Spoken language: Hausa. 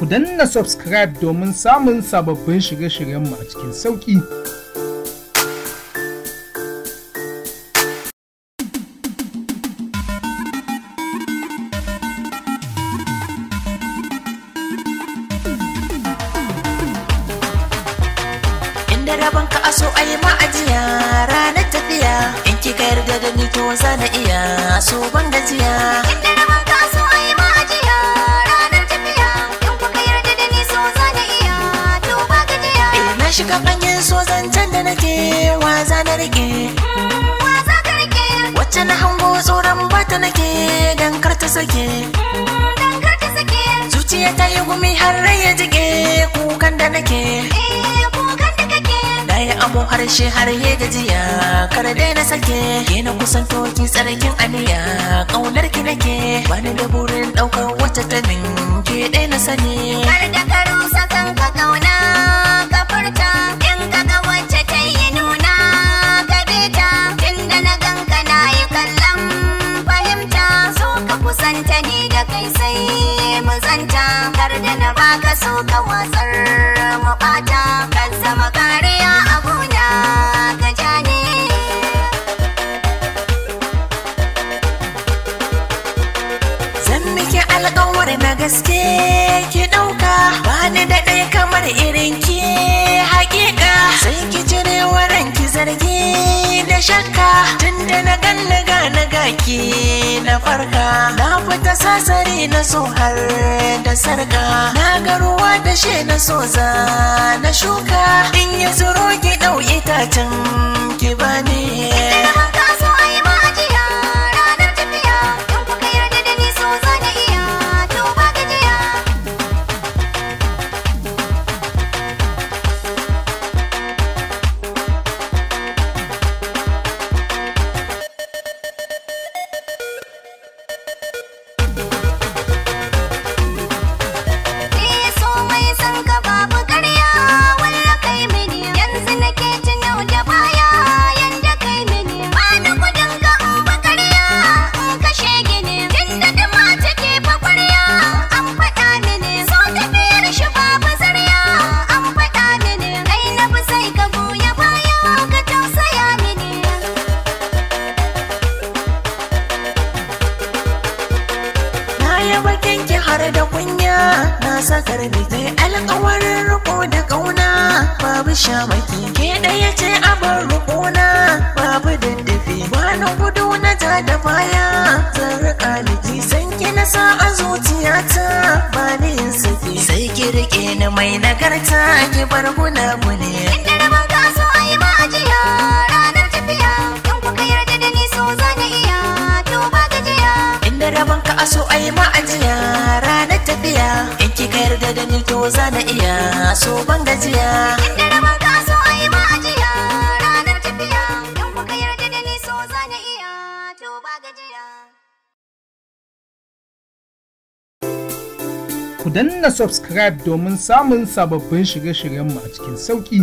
ku danna subscribe domin samun sababbin shirye-shiryenmu a cikin sauƙi. Rabon ka aso a yi ma'ajiya ranar tafiya in kika yarda da ni to zana iya so ban gajiya shiga fagen so can da nake waza na rike wacce na hango tsoron bata nake dan kar ta sake zuciya ta yi gumi har rai ya jike kukan da nake eh, na yi amo harshe har ya gajiya kar dai na sake ke na kusanto ki tsarkin aniya kaunar ki nake bani da burin daukar wata ta min ke dai na sani kar da karu sakan ka kauna bata kar da na baka so ka watsar mu bata kan zama kariya abuna ka ne. zan miki alƙawar na gaske ki ɗauka ba ni da ɗaya kamar irin ki hakika sai ki cire ki zargi da shakka tunda na gan na yaki na farka na fita sasari na so har da sarka na garuwa da she na so za na shuka sakar da ta alƙawarin alkawarin riko da ƙauna. babu shamaki ke ɗaya ce abin rukuna babu daddafi wani gudu na ta da baya zan riƙa miki san ki na sa a zuciyata ba ni in saki sai ki riƙe ni mai nagarta ki bar guna gune. Inda a ajiya ranar tafiya yarda da ni so iya a yi ma ajiya tafiya in ki kayar da dani to za na iya so ban gajiya ku gajiya ku danna subscribe domin samun sababbin shirye-shiryenmu a cikin sauƙi